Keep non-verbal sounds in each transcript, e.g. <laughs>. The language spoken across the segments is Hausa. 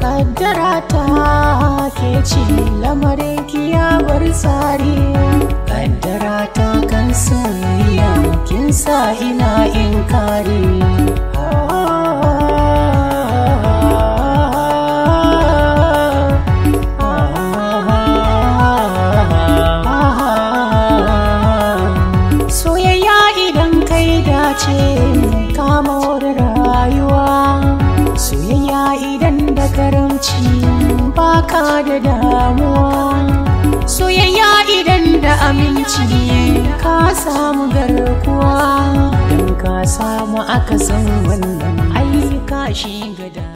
Kaddarata ke ci lamarin kiyawar tsari Kaddarata kan soyayya kin sa ina in kare dace kamar rayuwa soyayya idan da karamci baka da damuwa soyayya idan da aminci ka samu garkuwa don ka samu aka san wannan ayyuka shi gada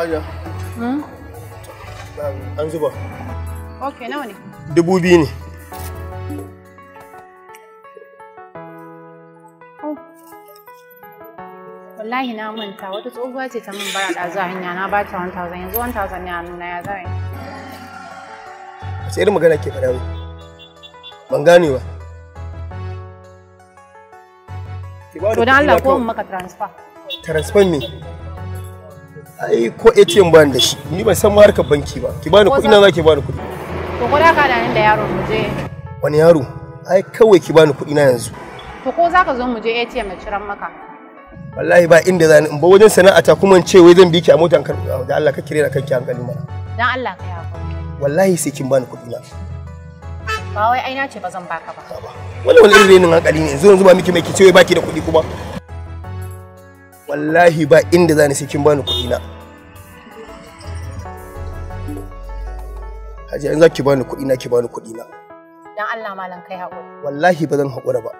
Aja. Hmm? An zuba. nawa ne? Dubu biyu ne. Oh. Wallahi na manta wata tsohuwa ce ta min bara na yanzu a nuna irin magana ke faɗa mu? Ban gane ba. To don Allah ko maka transfer. Transfer ai eh, ko ATM ba da shi ni ban san ma harkar banki ba ki bani kuɗi na zaki bani kuɗi to ko da ka da nan da yaro mu je wani yaro ai kawai ki bani kuɗi na yanzu to ko zaka zo mu je ATM mu ciran maka wallahi ba inda zani in ba wajen sana'ata kuma in ce wai zan bi ki a motan kan da Allah ka kire na kanki hankali mana dan Allah ka yawo wallahi sai kin bani kuɗi na ba wai aina ce ba zan baka ba wala wani irin hankali ne yanzu yanzu ba miki mai ki ce wai baki da kuɗi kuma wallahi ba inda zani sai kin bani kudi na haje in za ki bani kudi na ki bani kudi na dan Allah malam kai hakuri wallahi ba zan haƙura ba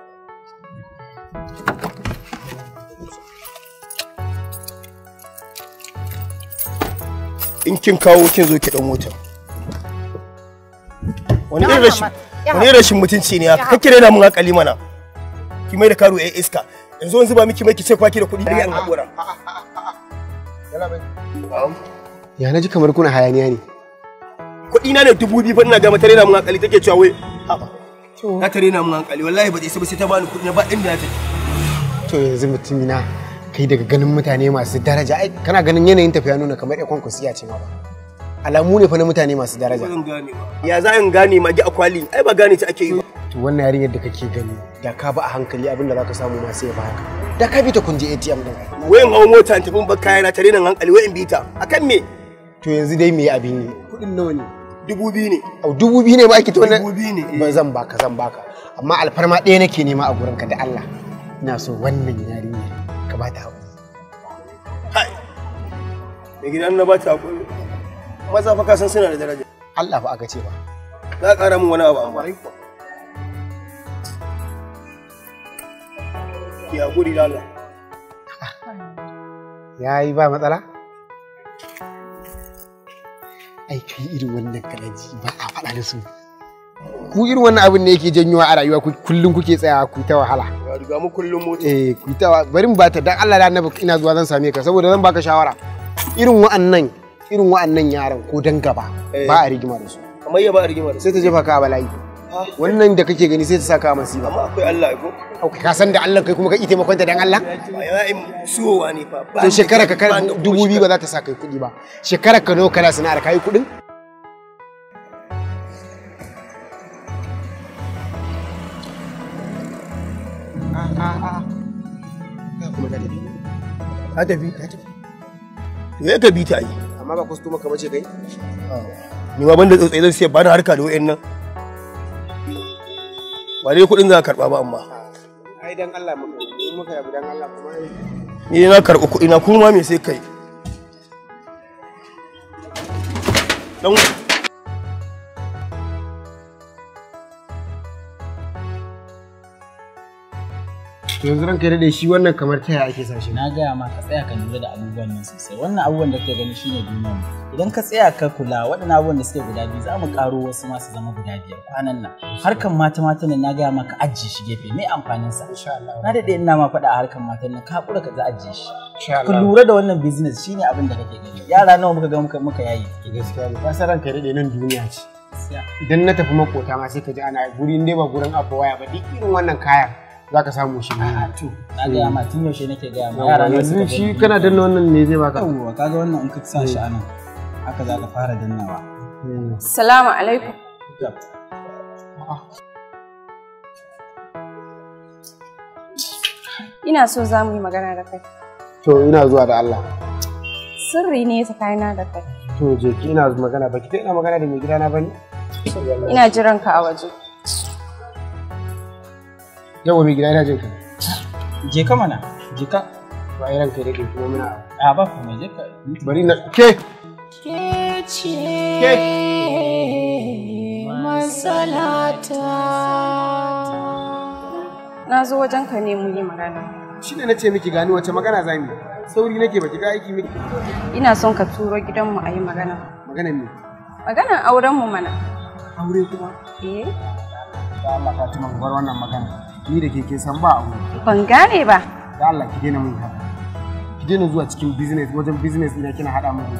in kin kawo kin zo ki dan mota. wani irin rashin wani rashin mutunci ne haka kake rena mun hakali mana ki mai da karo yayin iska yanzu wanzu ba miki mai ki ce kwaki da kuɗi ne an ya na ji kamar kuna hayaniya ne kuɗi na ne dubu biyu fa ina ga mata rena mun hankali take cewa wai haba na ta rena mun hankali wallahi ba zai sai ta bani kuɗi na ba inda na take to yanzu na kai daga ganin mutane masu daraja ai kana ganin yanayin tafiya nuna kamar ya kwankwasiya ce ma ba alamu ne fa na mutane masu daraja ya za in gane ma a akwali ai ba gane ta ake yi ba to wannan yarinyar da kake gani da ka ba a hankali abin da zaka samu masu ya ba haka da ka bi ta kunje ATM din wayan hawo mota an tafin bakka yana tare nan hankali wayan bita akan me to yanzu dai me abin yi kudin nawa ne dubu biyu ne au dubu biyu ne ba ki to dubu biyu ne ba eh. zan baka zan baka amma alfarma ɗaya nake nema a gurinka da Allah ina so wannan yarinyar ka ba ta hakuri hai me gidan na ba ta hakuri maza fa ka san suna da daraja Allah b'a aka ce ba za ka ƙara min wani abu amma ya guri da Allah. Ya yi ba matsala? Ai kai irin wannan kalaji ba a faɗa da su. Ku irin wannan abin ne yake janyowa a rayuwa kullum kuke tsayawa ku ta wahala. Ya riga mu kullum mota. Eh ku ta bari mu bata dan Allah da Annabi ina zuwa zan same ka saboda zan baka shawara. Irin wa'annan irin wa'annan yaran ko dan gaba eh. ba a rigima da su. Kamar ya ba a rigima da su. Sai ta jefa ka a bala'i. wannan da kake gani sai ta saka masifa amma akwai Allah ko ka san da Allah kai kuma ka ita makonta dan Allah suwowa ne fa to shekara ka kar dubu biyu ba za ta saka kuɗi ba shekara ka nawa kana sana'ar yi kuɗin ka tafi ka tafi me ka bi ta yi amma ba kwasto maka bace kai ni ma banda tsotsai zan siya ba na harka da nan. ba dai kuɗin za ka karɓa ba amma ai dan Allah muka in muka yabi dan Allah kuma ni na karɓi kuɗi na kuma me sai kai dan To yanzu ranka da shi wannan kamar ta yaya ake sashi. Na gaya ma ka tsaya ka lura da abubuwan nan sosai. Wannan abubuwan da kake gani shine duniya mu. Idan ka tsaya ka kula waɗannan abubuwan da suke guda biyu za mu karo wasu ma zama guda biyar kwanan nan. Harkan mata mata nan na gaya ma ka ajiye shi gefe mai amfanin sa. Insha Allah. Na daɗe ina ma faɗa a harkan mata nan ka haƙura ka za ajiye shi. Insha Ka lura da wannan business shine abin da kake gani. Yara nawa muka ga muka muka yayi. Gaskiya ne. Ka ranka nan duniya ce. Idan na tafi makota ma sai ka ji ana guri dai ba gurin abuwa ba duk irin wannan kayan za ka samu shi ne to na ga ma tun yaushe nake ga ma yara ne suka shi kana danna wannan ne zai baka yawwa kaga wannan in ka sa shi anan hmm. haka za ka fara dannawa assalamu hmm. alaikum ina so za mu yi magana da kai to ina zuwa da Allah sirri ne tsakanina da kai to je ki ina magana baki dai ina magana da mai gidana ba ne ina jiran ka a waje yau mai gida ina jin je ka mana je ka ba ai ranka ke kuma muna a ba ku mai je bari na ke ke ce ke masalata na zo wajen ka ne mu yi magana shi ne na ce miki gani wace magana za mu sauri nake baki ga aiki miki ina son ka turo gidanmu a yi magana magana ne magana aurenmu mana aure kuma eh ba ma Fatima gwar wannan magana ni da ke san ba abu ban gane ba da Allah ki daina mun haka ki dena zuwa cikin business wajen business ina kina hada mun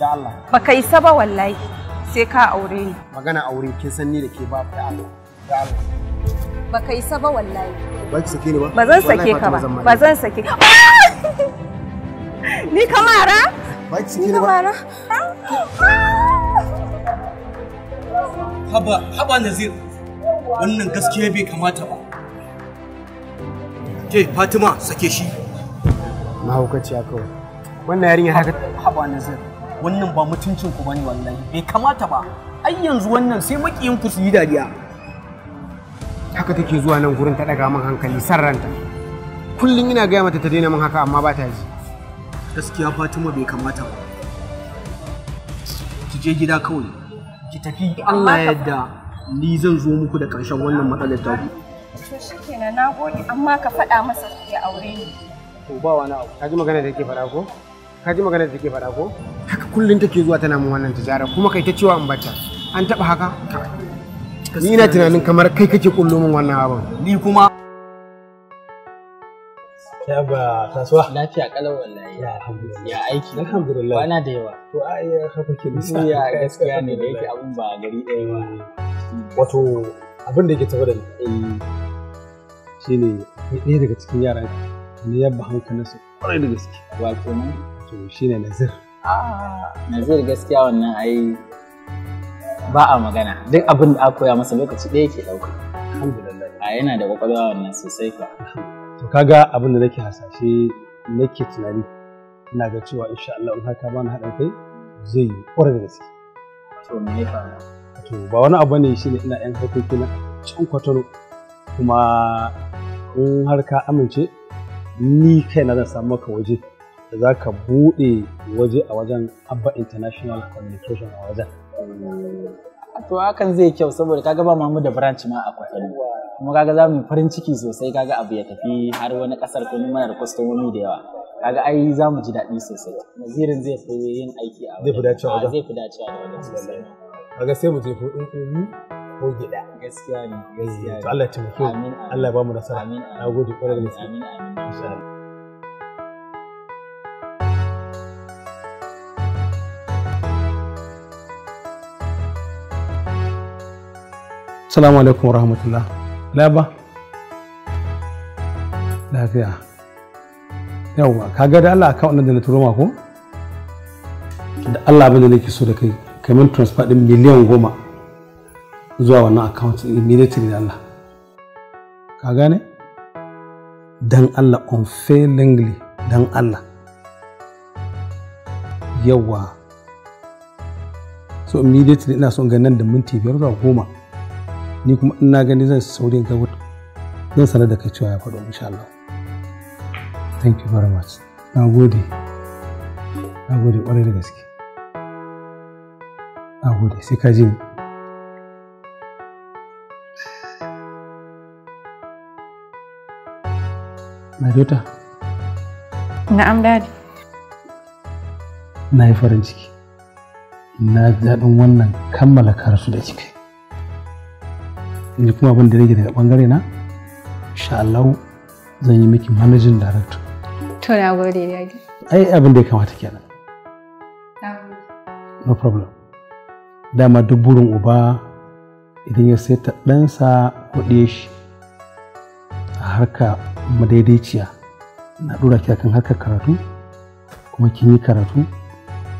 da Allah ba kai saba wallahi sai ka aure ni magana aure kin san ni da ke ba da Allah da Allah ba kai saba wallahi ba ki sake ni ba ba zan sake ka ba ba zan sake ni kamara ba ki sake ni ba haba haba nazir wannan gaskiya bai kamata ba Ke Fatima sake shi. ya kawai. Wannan yarinya haka haba nazar. Wannan ba mutuncin ku bane wallahi. Bai kamata ba. Ai yanzu wannan sai makiyin ku su yi dariya. Haka take zuwa nan gurin ta daga min hankali sarranta. Kullum ina gaya mata ta daina min haka amma ba ta ji. Gaskiya Fatima bai kamata ba. Ki je gida kawai. Ki tafi Allah ya yarda. Ni zan zo muku da ƙarshen wannan matsalar ta ku. To shi kenan na gode amma ka faɗa masa ya aure ni. To ba wani abu. Ka magana da take faɗa ko? Ka magana da take faɗa ko? Haka kullum take zuwa tana min wannan tijara kuma kai ta cewa in bata. An taɓa haka? Ni ina tunanin kamar kai kake kullo min wannan abin. Ni kuma Yaba kasuwa. Lafiya kalau wallahi. Ya alhamdulillah. Ya aiki. Alhamdulillah. Bana da yawa. To a iya haka ke nisa. Ya gaskiya ne da yake abun ba gari ɗaya ba. Wato abin da yake tafi da ni. Eh. shine ɗaya daga cikin yaran ne yabba hankalinsa kwarai da gaske wato ne to shine nazir ah nazir gaskiya wannan ai ba a magana duk abin da aka koya masa lokaci ɗaya ke ɗauka alhamdulillah a yana da kwakwalwa wannan sosai fa to kaga abin da nake hasashe nake tunani ina ga cewa insha Allah in haka ba na haɗa kai zai yi kwarai da gaske to me ya faru to ba wani abu ne shine ina yan harkoki na can kwatano kuma in har ka amince ni kai na zan samu maka waje da za ka buɗe waje a wajen abba international communication a wajen to hakan zai kyau saboda kaga ba mamu da branch ma a kwatano kuma kaga za mu farin ciki sosai kaga abu ya tafi har wani kasar ko mana da kwastomomi da yawa kaga ai za mu ji daɗi sosai nazirin zai fi yin aiki a wajen zai fi dacewa da wajen sosai kaga sai mu je ko in ko gida gaskiya ne eh, gaskiya to Allah ya taimake mu Allah ya ba mu nasara na gode kwarai da gaske amin amin Assalamu alaikum wa rahmatullah. Laba? Lafiya. Yawwa, ka ga da Allah akawun da na turo mako? Da Allah abin da nake so da kai, kamar transfer ɗin miliyan goma. zuwa wannan account immediately da Allah ka gane dan Allah unfailingly dan Allah yawa so immediately ina son ganin da minti biyar zuwa goma ni kuma ina gani zan saurin ga zan sanar da kai cewa ya faɗo insha Allah thank you very much na gode na gode ƙwarai da gaske na gode sai ka ji ni My daughter. Na'am daddy. Na yi farin ciki. Na ji daɗin wannan kammala karatu da kika Ni kuma abin da rage daga bangare na, insha Allah zan yi miki managing director. To na gode daddy. Ai abin da ya kamata kenan. No problem. Dama duk burin uba idan ya ta ɗansa kuɗe shi a harka madaidaiciya na dora ki akan harkar karatu kuma kin yi karatu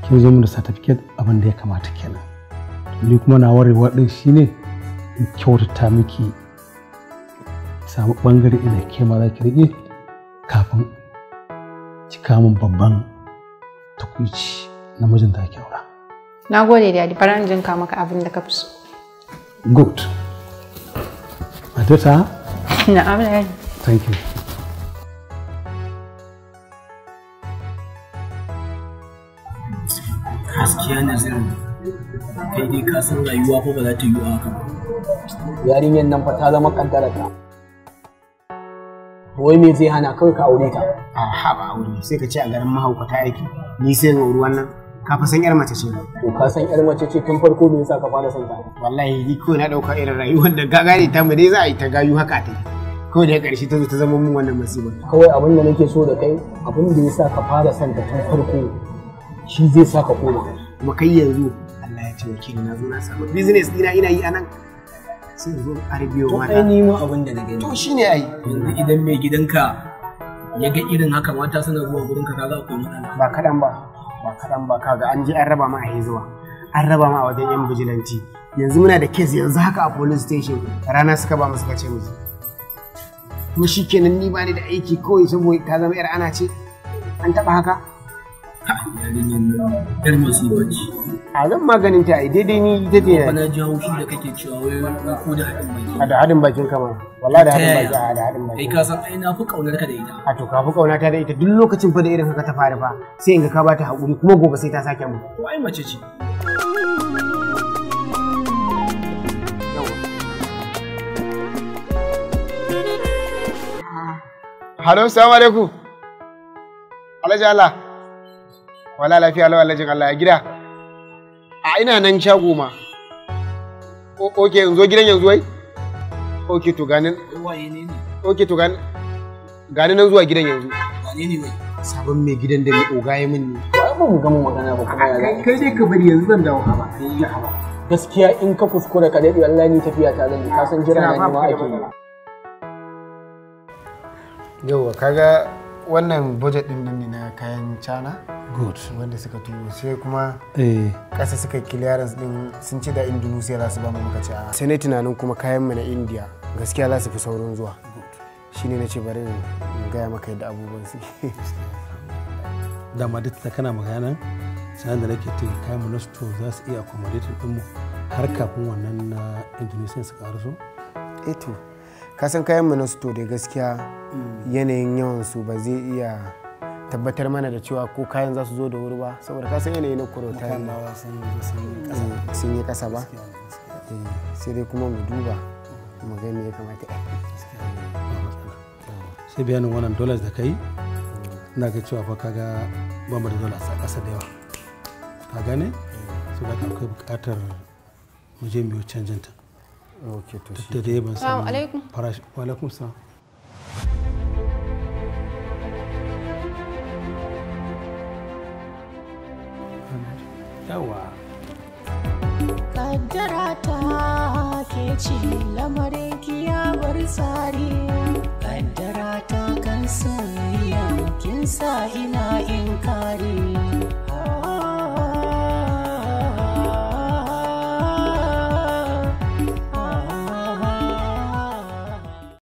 kin zo da certificate abin da ya kamata kenan ni kuma na warewa din shine in kyautata miki samu bangare ina ke ma za ki kafin cika min babban takuici na da ki aura na gode da yadda jinka maka abin da ka fi so good matata <laughs> na'am thank you gaskiya nazirin kai dai ka san rayuwa ko ba za ta yi haka ba yarinyar nan fa ta zama kaddara ta wai me zai hana kawai ka aure ta a haɓa aure sai ka ce a garin mahaukata aiki ni sai ga ruwan nan ka fa san yar mace ce to ka san yar mace ce tun farko me yasa ka fara san ta wallahi ni ko na dauka irin rayuwar da ga gane ta mu dai za a yi ta gayu haka ta kawai da karshe ta zo ta zama mun wannan masiba kawai abin da nake so da kai abin da yasa ka fara san ta tun farko shi zai sa ka koma kuma kai yanzu Allah ya taimake ni na zo na samu business dina ina yi anan sai zo arbiyo mata to ni ma abin da na gani to shine ai yanzu idan mai gidanka ya ga irin haka mata suna zuwa gurin ka kaga akwai matsala ba kadan ba ba kadan ba kaga an je an raba ma a zuwa an raba ma a wajen yan bijilanti yanzu muna da kes yanzu haka a police station rana suka ba mu suka ce mu kuma shikenan ni ba ni da aiki kawai saboda ta zama yar ana ce an taba haka yar masifa a zan maganin ta ai daidai ni ita ce na ji haushi da kake cewa wai ko da hadin baki a da hadin bakin kama wallahi da hadin baki a da hadin baki kai ka san ai na fi kaunar ka da ita a to ka fi kauna ta da ita duk lokacin fa da irin haka ta fara fa sai in ga ka bata hakuri kuma gobe sai ta sake mu to ai mace ce Halo, assalamu alaikum. Alhaji Allah. wala lafiya lawa lajin Allah a gida a ina nan shago ma ok yanzu zo gidan yanzu wai ok to ganin ok to ganin ganin nan zuwa gidan yanzu wane ne wai sabon mai gidan da mai oga ya min ne ba mu gama magana ba kuma ya kai dai ka bari yanzu zan dawo haba kai ya haba gaskiya in ka kuskura ka daɗe wallahi ni tafiya ta zan ka san jira na ma ake yi yauwa kaga wannan budget din nan ne na kayan cana good wanda suka turo sai kuma kasa eh. suka clearance din sun ce da indonesia za su ba mu muka ci a sai na tunanin kuma kayan mu na india gaskiya za su fi saurin zuwa shine na ce bari in gaya maka yadda abubuwan su <laughs> dama duk ta kana magana sanar da nake ta kayan mu na store za su iya accommodating din mu har kafin wannan na indonesia su karaso eh to kasan kayan mu na to da gaskiya mm. yanayin yawan su ba zai iya tabbatar mana da cewa ko kayan za su zo da wuri ba saboda kasan yanayi na kurota sun yi kasa mm, ba eh, sai dai kuma mu duba mm. mu ga me ya kamata sai bayanin wannan dollars da kai na ga cewa fa kaga ba mu da dollars a kasa da yawa ka gane eh. su da kai bukatar mu je mu canjin ta ok da dai ban san alaikum farashi yawa kaddara ta ke ci lamarin kiyawar tsari kaddara ta kan soyayya kin sa ina in kare